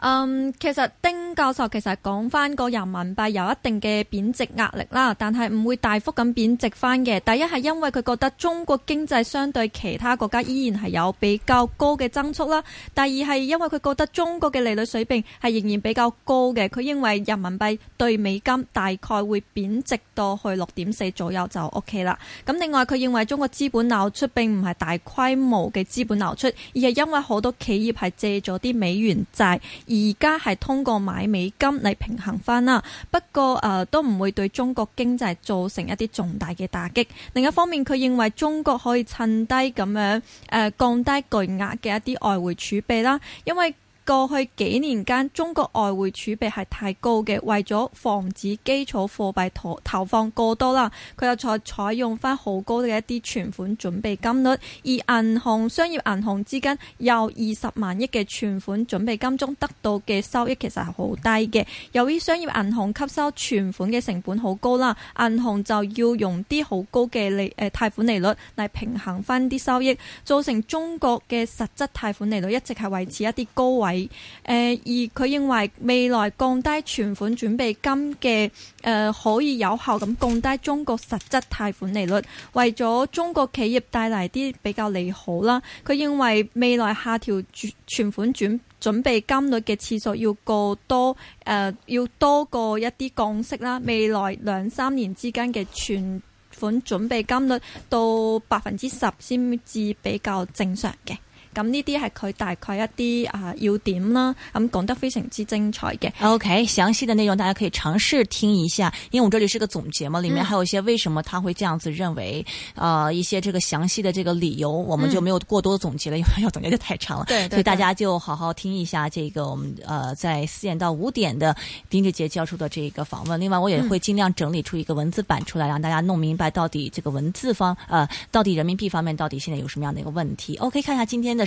嗯，其實丁教授其實講翻個人民幣有一定嘅貶值壓力啦，但係唔會大幅咁貶值翻嘅。第一係因為佢覺得中國經濟相對其他國家依然係有比較高嘅增速啦，第二係因為佢覺得中國嘅利率水平係仍然比較高嘅。佢認為人民幣對美金大概會貶值到去六點四左右就 OK 啦。咁另外佢認為中國資本流出並唔係大規模嘅資本流出，而係因為好多企業係借咗啲美元債。而家係通過買美金嚟平衡翻啦，不過誒、呃、都唔會對中國經濟造成一啲重大嘅打擊。另一方面，佢認為中國可以趁低咁樣誒、呃、降低巨額嘅一啲外匯儲備啦，因為過去幾年間，中國外匯儲備係太高嘅，為咗防止基礎貨幣投放過多啦，佢又採採用翻好高嘅一啲存款準備金率，而銀行、商業銀行之間有二十萬億嘅存款準備金中得到嘅收益其實係好低嘅。由於商業銀行吸收存款嘅成本好高啦，銀行就要用啲好高嘅利誒貸款利率嚟平衡翻啲收益，造成中國嘅實質貸款利率一直係維持一啲高位。誒，而佢認為未來降低存款準備金嘅誒、呃，可以有效咁降低中國實質貸款利率，為咗中國企業帶嚟啲比較利好啦。佢認為未來下調存款準準備金率嘅次數要過多誒、呃，要多過一啲降息啦。未來兩三年之間嘅存款準備金率到百分之十先至比較正常嘅。咁呢啲係佢大概一啲啊要點啦，咁講得非常之精彩嘅。OK，詳細的內容大家可以嘗試聽一下，因為我這裏是個總結嘛，裏面還有一些為什麼他會這樣子認為，啊、嗯呃，一些這個詳細的這個理由，我們就沒有過多總結了，嗯，因為要總結就太長了對對。所以大家就好好聽一下，這個我們，呃，在四點到五點的丁志杰教授的這個訪問。另外，我也會盡量整理出一個文字版出來，嗯，讓大家弄明白到底這個文字方，呃，到底人民幣方面到底現在有什麼樣的一個問題。OK，看一下今天的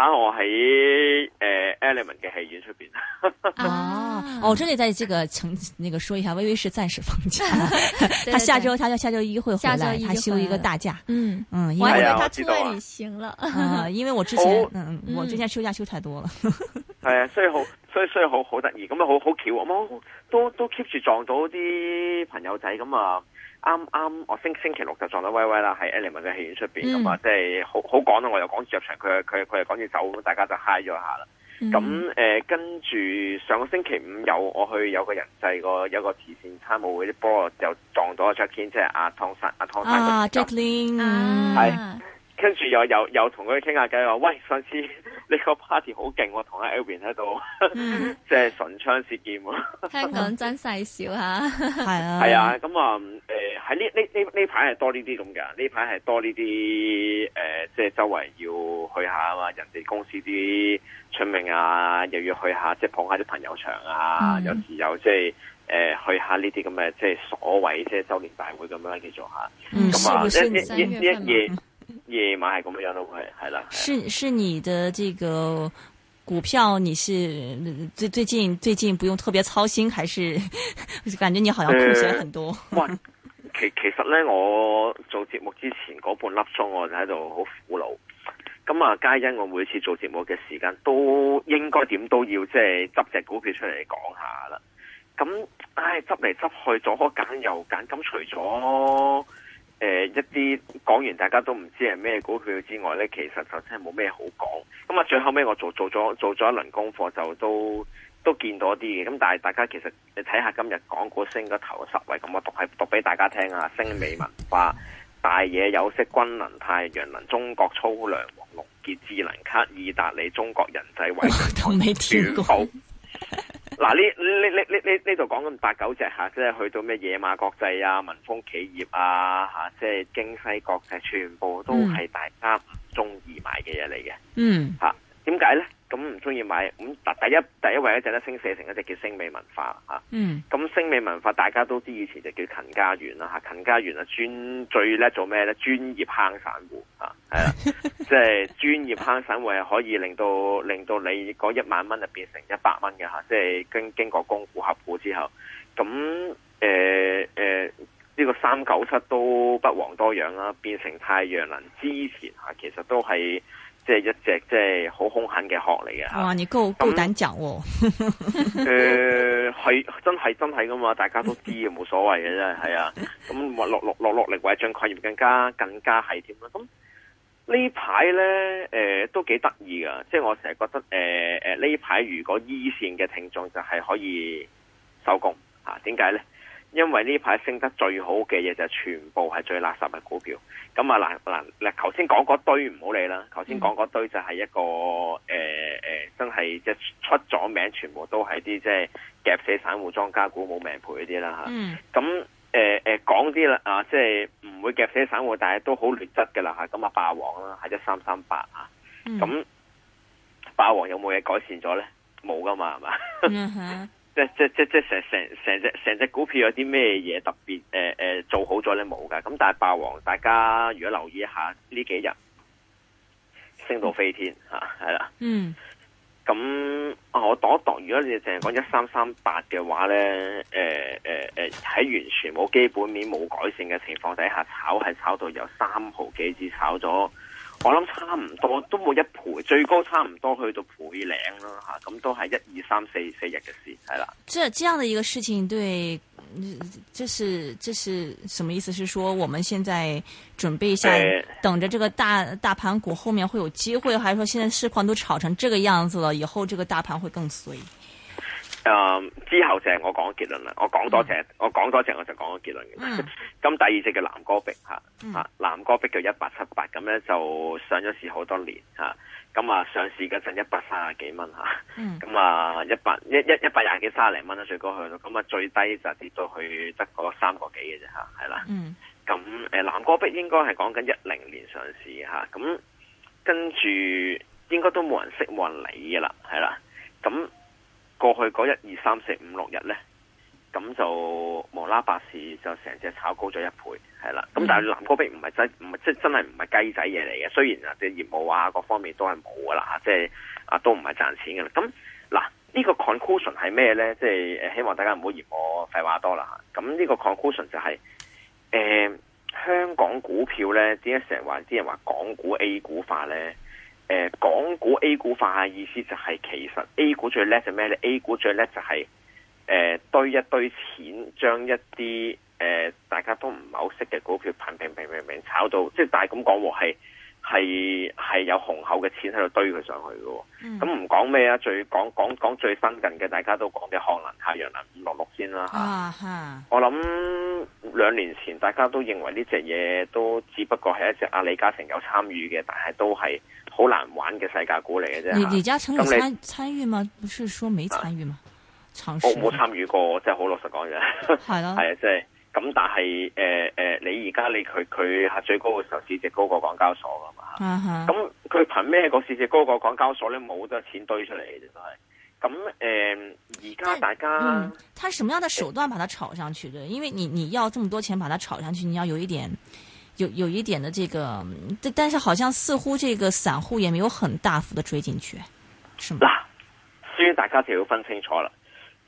看我喺誒 Element 嘅戲院出、啊、邊。 哦，我真係在這個請那個說一下，微微是暫時放假， 對對對，他下週他就下週一會回來，下週回他休一個大假。嗯嗯，我、哎、因為他出旅行了。因為我之前、嗯、我之前休、嗯、假休太多了。係 啊，所以好所以所以好好得意咁啊，好好巧啊，我都都 keep 住撞到啲朋友仔咁啊。啱啱我星星期六就撞到威威啦，喺 Element 嘅戲院出邊咁啊，即係好好趕啊，我又趕住入場，佢佢佢又趕住走，咁大家就嗨咗一下啦。咁、嗯、誒、呃，跟住上個星期五有我去有個人制個有個慈善參謀會啲波，就是、個個撞到阿 Jackie，即係阿湯生阿湯生啊 j a c k 係，跟住又又又同佢傾下偈話，喂上次。呢個 party 好勁喎，同阿 Elvin 喺度即係唇槍舌劍喎、啊。香港真細小嚇，係啊，係啊，咁啊，喺呢呢呢呢排係多呢啲咁嘅，呢排係多呢啲誒，即、呃、係周圍要去下啊嘛，人哋公司啲出名啊，又要去下，即係捧下啲朋友場啊，嗯、有時又即係誒去下呢啲咁嘅，即係所謂即係周年大會咁樣叫做下。嗯，算算啊，算不是一一份？嗯。夜晚係咁樣咯，係係啦。是是，你嘅這個股票，你是最最近最近不用特別操心，還是感覺你好像空閒很多？呃、其其實咧，我做節目之前嗰半粒鐘，我就喺度好苦惱。咁啊，皆因我每次做節目嘅時間都應該點都要即係執隻股票出嚟講下啦。咁唉，執嚟執去，左揀右揀，咁除咗。誒、呃，一啲講完大家都唔知係咩股票之外呢，其實就真係冇咩好講。咁、嗯、啊，最後尾，我做做咗做咗一輪功課，就都都見到啲嘅。咁、嗯、但係大家其實你睇下今日港股升個頭十位咁、嗯、我讀係讀俾大家聽啊，星美文化、大野有色、君能太陽能、中國粗糧、黃龍杰、智能卡、意大利、中國人際維。我都沒聽過。嗱，呢呢呢呢呢度講緊八九隻吓，即係去到咩野馬國際風啊、民豐企業啊吓，即係京西國際，全部都係大家唔中意買嘅嘢嚟嘅。嗯，吓、啊，點解咧？咁唔中意買，咁第第一第一位就一隻咧升四成，一隻叫星美文化、mm. 啊！嗯，咁星美文化大家都知，以前就叫勤家園啦吓，勤家園啊專最叻做咩咧？專業坑散戶啊，係啦，即係專業坑散戶係、 啊就是、可以令到令到你嗰一萬蚊就變成一百蚊嘅吓，即、啊、係、就是、經經過公股合股之後，咁誒誒呢個三九七都不遑多樣啦，變成太陽能之前吓、啊，其實都係。即、就、係、是、一隻即係好凶狠嘅殼嚟嘅吓，哇、啊！你夠夠膽講喎。誒，係、呃、真係真係噶嘛？大家都知冇所謂嘅啫，係啊。咁落落落落力或者進群亦更加更加係添啦。咁呢排咧，誒、呃、都幾得意噶。即係我成日覺得，誒誒呢排如果一線嘅聽眾就係可以收工吓，點解咧？因為呢排升得最好嘅嘢就是、全部係最垃圾嘅股票，咁啊，嗱嗱嗱，頭先講嗰堆唔好理啦，頭先講嗰堆就係一個誒誒、嗯呃，真係即係出咗名，全部都係啲即係夾死散戶莊家股冇命賠嗰啲啦吓，咁誒誒講啲啦啊，即係唔會夾死散戶，但係都好劣質噶啦吓，咁啊霸王啦，係一三三八啊，咁、啊嗯、霸王有冇嘢改善咗咧？冇噶嘛，係、嗯、嘛？ 即即即即成成成隻成隻股票有啲咩嘢特別？誒、呃、誒做好咗咧冇㗎。咁但係霸王，大家如果留意一下呢幾日升到飛天嚇，係啦。嗯。咁啊，嗯嗯、我度一度，如果你淨係講一三三八嘅話咧，誒誒誒，喺、呃呃、完全冇基本面冇改善嘅情況底下，炒係炒到有三毫幾至炒咗。我諗差唔多都冇一倍，最高差唔多去到倍零咯吓，咁、啊、都係一二三四四日嘅事，係啦。這這樣的一個事情，對，這是這是什麼意思？是說我們現在準備一下，呃、等着這個大大盤股後面會有機會，還是說現在市況都炒成這個樣子了，以後這個大盤會更衰？誒、嗯，之後就係我講結論啦。我講多隻、嗯，我講多隻，我就講個結論嘅。咁、嗯、 第二隻叫南戈壁吓，吓、啊、南、嗯、戈壁叫一八七八，咁咧就上咗市好多年吓。咁啊，啊上市嗰陣、啊嗯啊、一百三十幾蚊吓，咁啊一百一一一百廿幾卅零蚊都最高去到，咁啊最低就跌到去得嗰三個幾嘅啫吓，係、啊、啦。咁誒南戈壁應該係講緊一零年上市吓，咁、啊、跟住應該都冇人識冇人理噶啦，係啦，咁。過去嗰一二三四五六日呢，咁就無啦啦，百事就成隻炒高咗一倍，係啦。咁但係藍哥碧唔係真，唔係即係真係唔係雞仔嘢嚟嘅。雖然啊，啲業務啊各方面都係冇噶啦，即係啊，啊都唔係賺錢噶啦。咁嗱，呢、啊呢個 conclusion 係咩呢？即、就、係、是啊、希望大家唔好嫌我廢話多啦。咁呢個 conclusion 就係、是、誒、啊、香港股票呢，點解成日話，啲人話港股 A 股化呢？誒、呃，港股 A 股化嘅意思就係、是、其實 A 股最叻係咩咧？A 股最叻就係、是、誒、呃、堆一堆錢，將一啲誒、呃、大家都唔係好識嘅股票平平平平平炒到，即係大咁講係係係有雄厚嘅錢喺度堆佢上去喎。咁唔講咩啊？最講講講最新近嘅，大家都講嘅漢能太陽能五六六先啦吓、啊。我諗兩年前大家都認為呢隻嘢都只不過係一隻阿李嘉誠有參與嘅，但係都係。好難玩嘅世界股嚟嘅啫。李李嘉誠有參參與嗎？不是說沒參與嗎？嘗、啊、試我冇參與過，即係好老實講啫。係啦，係啊，即係咁，但係誒誒，你而家你佢佢係最高嘅時候，市值高過港交所噶嘛？咁、啊、佢憑咩個市值高過港交所咧？冇得錢堆出嚟嘅啫，係。咁、嗯、誒，而家大家、嗯，他什麼樣嘅手段把他炒上去的？呃、因為你你要這麼多錢把他炒上去，你要有一點。有有一點的這個，但但是好像似乎這個散戶也沒有很大幅的追進去，是嗎？所以大家就要分清楚啦。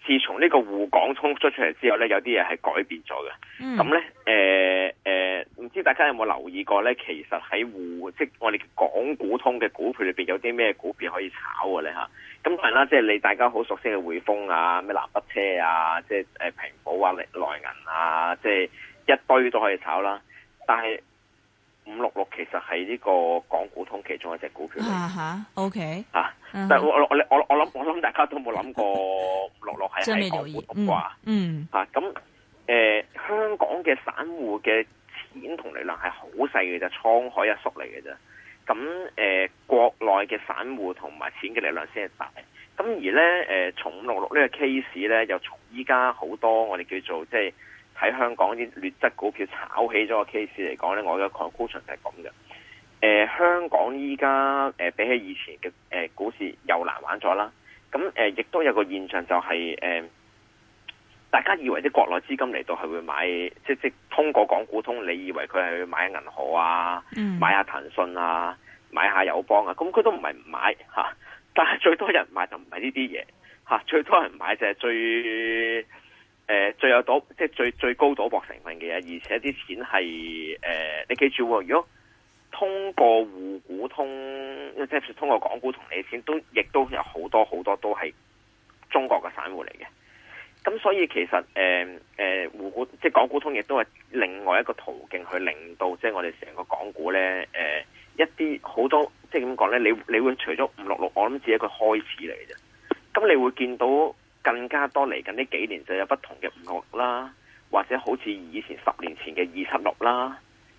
自從呢個滬港通出出嚟之後呢，有啲嘢係改變咗嘅。咁、嗯、呢，誒、嗯、誒，唔知大家有冇留意過呢？其實喺滬即係我哋港股通嘅股票裏邊有啲咩股票可以炒嘅呢？吓？咁係啦，即係你大家好熟悉嘅匯豐啊，咩南北車啊，即係誒平保啊、力來銀啊，即係一堆都可以炒啦。但係五六六其實係呢個港股通其中一隻股票嚟。吓，O K。啊，但係我我我諗我諗大家都冇諗過五六六係港股通啩。嗯。啊，咁、嗯、誒、嗯啊嗯，香港嘅散戶嘅錢同力量係好細嘅啫，滄海一粟嚟嘅啫。咁、嗯、誒，國內嘅散戶同埋錢嘅力量先係大。咁、嗯嗯、而咧，誒，從五六六呢個 case 咧，又從依家好多我哋叫做即係。喺香港啲劣質股票炒起咗個 case 嚟講咧，我嘅 conclusion 係咁嘅。誒、呃，香港依家誒比起以前嘅誒、呃、股市又難玩咗啦。咁誒亦都有個現象就係、是、誒、呃，大家以為啲國內資金嚟到係會買，就是、即即通過港股通，你以為佢係去買銀行啊，買下騰訊啊，買下友邦啊，咁佢都唔係唔買嚇。但係最多人買就唔係呢啲嘢嚇，最多人買就係最。誒，最有賭即係最最高賭博成分嘅嘢，而且啲錢係誒、呃，你記住，如果通過滬股通，即係通過港股同你嘅錢，都亦都有好多好多都係中國嘅散戶嚟嘅。咁所以其實誒誒，呃、滬股即係港股通，亦都係另外一個途徑去令到即係我哋成個港股咧，誒、呃、一啲好多即係點講咧，你你會除咗五六六，我諗只係一個開始嚟嘅，咁你會見到。更加多嚟緊呢幾年就有不同嘅五六啦，或者好似以前十年前嘅二七六啦，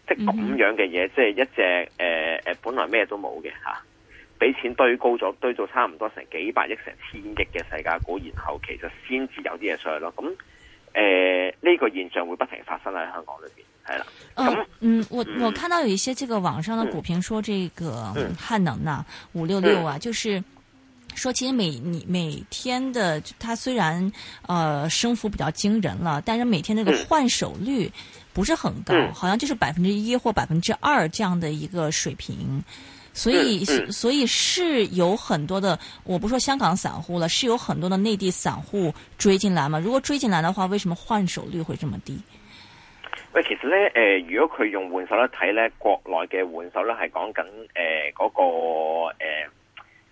即咁樣嘅嘢，即係一隻誒誒本來咩都冇嘅吓，俾、啊、錢堆高咗，堆到差唔多成幾百億、成千億嘅世界股，然後其實先至有啲嘢上去咯。咁、啊、誒，呢、呃這個現象會不停發生喺香港裏邊，係啦、呃。嗯嗯，我我看到有一些這個網上的股評說，這個、嗯嗯嗯、漢能的566啊，五六六啊，就是。說其實每你每天的，它雖然呃升幅比較驚人了，但是每天那個換手率不是很高，嗯、好像就是百分之一或百分之二這樣的一個水平，所以、嗯嗯、所以是有很多的，我不說香港散戶了，是有很多的內地散戶追進來嘛？如果追進來的話，為什麼換手率會這麼低？喂，其實呢，呃如果佢用換手率睇呢，國內嘅換手率呢係講緊誒嗰個誒誒。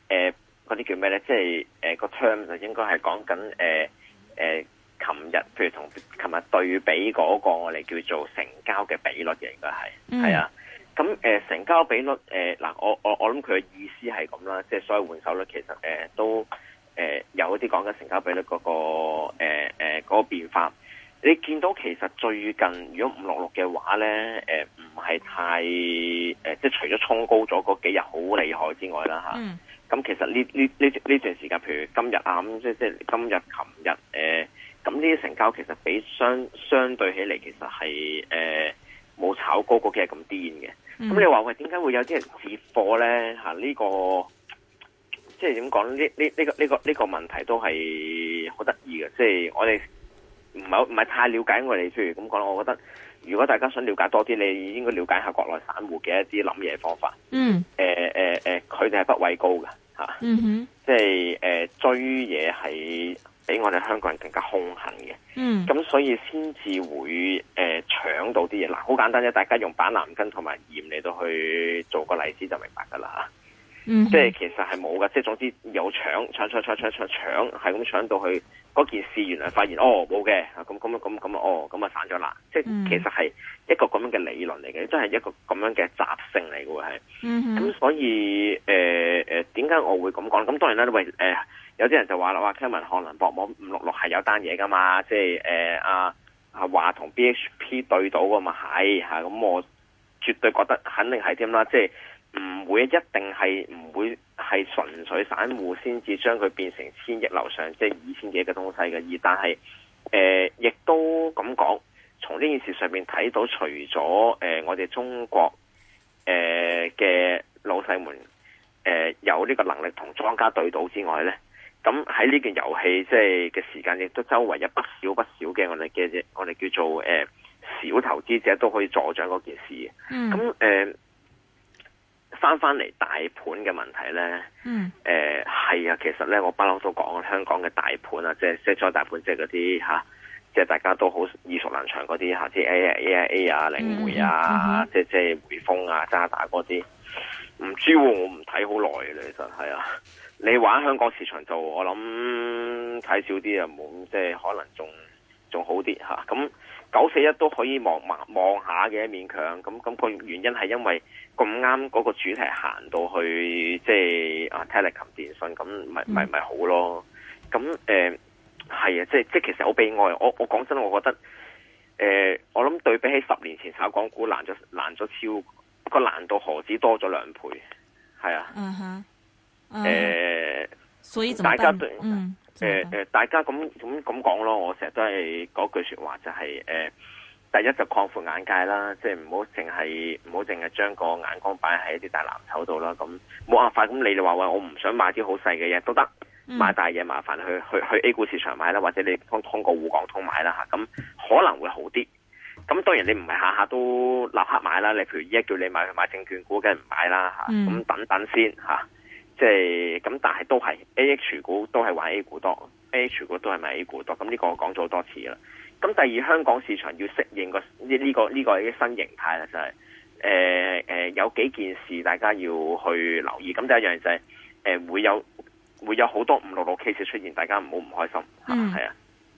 呃呃嗰啲叫咩咧？即係誒個 term 就應該係講緊誒誒，琴、呃、日、呃、譬如同琴日對比嗰、那個我哋叫做成交嘅比率嘅，應該係係、mm -hmm. 啊。咁誒、呃、成交比率誒嗱、呃，我我我諗佢嘅意思係咁啦，即、就、係、是、所有換手率其實誒、呃、都誒、呃、有啲講緊成交比率嗰、那個誒誒嗰個變化。你見到其實最近如果五六六嘅話咧，唔、呃、係太即係、呃、除咗衝高咗嗰幾日好厲害之外啦咁、啊嗯、其實呢呢呢呢段時間，譬如今日啊，咁、嗯、即即今日、琴日咁呢啲成交其實比相相對起嚟其實係冇、呃、炒高嗰幾日咁癲嘅。咁、嗯、你話喂，點解會有啲人接貨咧？呢、啊呢個即係點講？呢呢呢個呢、呢個呢、呢個呢個問題都係好得意嘅。即係我哋。唔係唔係太了解我哋，譬如咁講，我覺得如果大家想了解多啲，你應該了解下國內散戶嘅一啲諗嘢方法。嗯，誒誒誒，佢哋係不畏高嘅吓，嗯哼，即係誒、呃、追嘢係比我哋香港人更加凶狠嘅。嗯，咁所以先至會誒搶、呃、到啲嘢。嗱，好簡單啫，大家用板藍根同埋鹽嚟到去做個例子就明白噶啦、嗯。即係其實係冇嘅，即係總之有搶搶搶搶搶搶，係咁搶到去。嗰件事原來發現哦冇嘅，咁咁咁咁啊哦，咁啊散咗啦，即係其實係一個咁樣嘅理論嚟嘅，真係一個咁樣嘅習性嚟嘅喎，係。咁、嗯、所以誒點解我會咁講？咁當然啦，喂、呃、有啲人就話啦，話 Kevin 可能博網五六六係有單嘢噶嘛，即係誒阿阿華同 BHP 對到㗎嘛係，咁我絕對覺得肯定係添啦，即係。唔會一定係唔會係純粹散戶先至將佢變成千億樓上，即、就、係、是、二千幾嘅東西嘅。而但係，誒、呃，亦都咁講，從呢件事上面睇到，除咗誒、呃，我哋中國誒嘅、呃、老細們，誒、呃，有呢個能力同莊家對賭之外咧，咁喺呢件遊戲即係嘅時間，亦都周圍有不少不少嘅我哋嘅我哋叫做誒、呃、小投資者都可以助長嗰件事咁誒。嗯翻翻嚟大盤嘅問題咧，係、嗯、啊、呃，其實咧我不嬲都講香港嘅大盤啊，即係再大盤，即係嗰啲吓，即係大家都好耳熟能詳嗰啲下即係 A A I A 啊、領匯啊、即即匯豐啊、渣打嗰啲。唔知喎，我唔睇好耐嘅，其實係啊。你玩香港市場做我就我諗睇少啲啊，冇即係可能仲仲好啲吓。咁九四一都可以望望下嘅勉強。咁咁、咁個原因係因為。咁啱嗰個主題行到去，即係啊，telecom 電信咁，咪咪咪好咯。咁誒係啊，即係即係其實好悲哀。我我講真，我覺得誒、呃，我諗對比起十年前炒港股難咗難咗超，個難度何止多咗兩倍？係啊。嗯哼、嗯。所以怎麼，大家對、嗯呃呃、大家咁咁咁講咯。我成日都係嗰句說話、就是，就係誒。第一就擴闊眼界啦，即係唔好淨係唔好淨係將個眼光擺喺一啲大藍籌度啦，咁冇辦法咁你就話喂，我唔想買啲好細嘅嘢都得，買大嘢麻煩去去去 A 股市場買啦，或者你通通過滬港通買啦嚇咁可能會好啲。咁當然你唔係下下都立刻買啦，你譬如依家叫你買去買證券股，梗係唔買啦嚇咁等等先嚇即係咁，啊就是、但係都係 A H 股都係玩 A 股多 H 股都係買 A 股多，咁呢個我講咗好多次啦。咁第二香港市場要適應，呢個呢呢、呢個呢、呢個啲新形態啦，就係、是、誒、呃呃、有幾件事大家要去留意。咁第一樣就係、是、誒、呃、會有會有好多五六六 case 出現，大家唔好唔開心嚇，係、嗯、啊，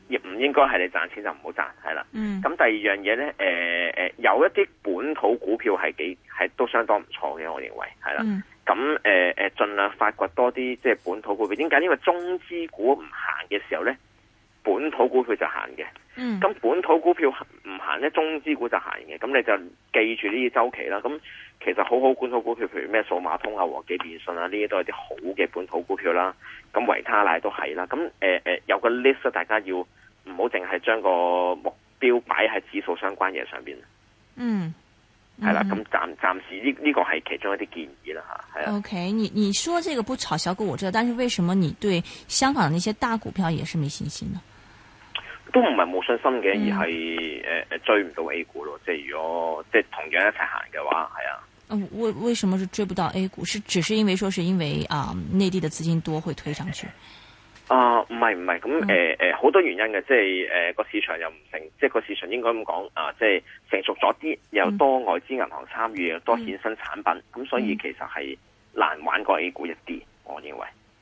亦唔應該係你賺錢就唔好賺，係啦。咁、嗯、第二樣嘢咧，誒、呃、有一啲本土股票係幾係都相當唔錯嘅，我認為係啦。咁誒誒儘量發掘多啲即係本土股票，點解？因為中資股唔行嘅時候咧。本土股票就行嘅，咁、嗯、本土股票唔行咧，中資股就行嘅，咁你就記住呢啲周期啦。咁其實好好本土股票，譬如咩數碼通啊、和記電信啊，呢啲都係啲好嘅本土股票啦。咁維他奶都係啦。咁誒誒，有個 list 大家要唔好淨係將個目標擺喺指數相關嘢上邊。嗯，係啦，咁暫暫時呢呢、這個係其中一啲建議啦吓，係啊。O K，你你說這個不炒小股我知道，但是為什麼你對香港的那些大股票也是沒信心呢？都唔係冇信心嘅，而係誒誒追唔到 A 股咯。、嗯。即係如果即係同樣一齊行嘅話，係啊。嗯，為為什麼是追不到 A 股？是只是因為說是因為啊，內、嗯、地的資金多會推上去。啊、呃，唔係唔係，咁誒誒好多原因嘅，即係誒個市場又唔成，即係個市場應該咁講啊，即係成熟咗啲，又多外資銀行參與，又、嗯、多衍生產品，咁、嗯、所以其實係難玩過 A 股一啲，我認為。